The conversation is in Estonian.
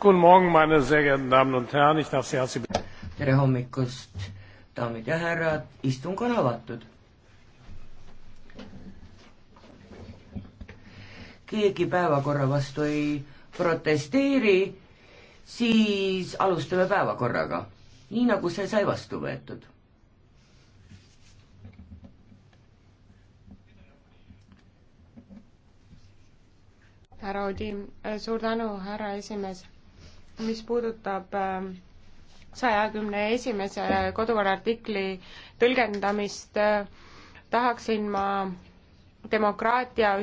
Guten Morgen, meine sehr geehrten Damen und Herren, ich darf Sie herzlich tere hommikust, daamid ja härrad, istung on avatud. keegi päevakorra vastu ei protesteeri, siis alustame päevakorraga, nii nagu see sai vastu võetud. härra Odi, suur tänu, härra esimees mis puudutab ähm, saja kümne esimese kodukorra artikli tõlgendamist, äh, tahaksin ma demokraatia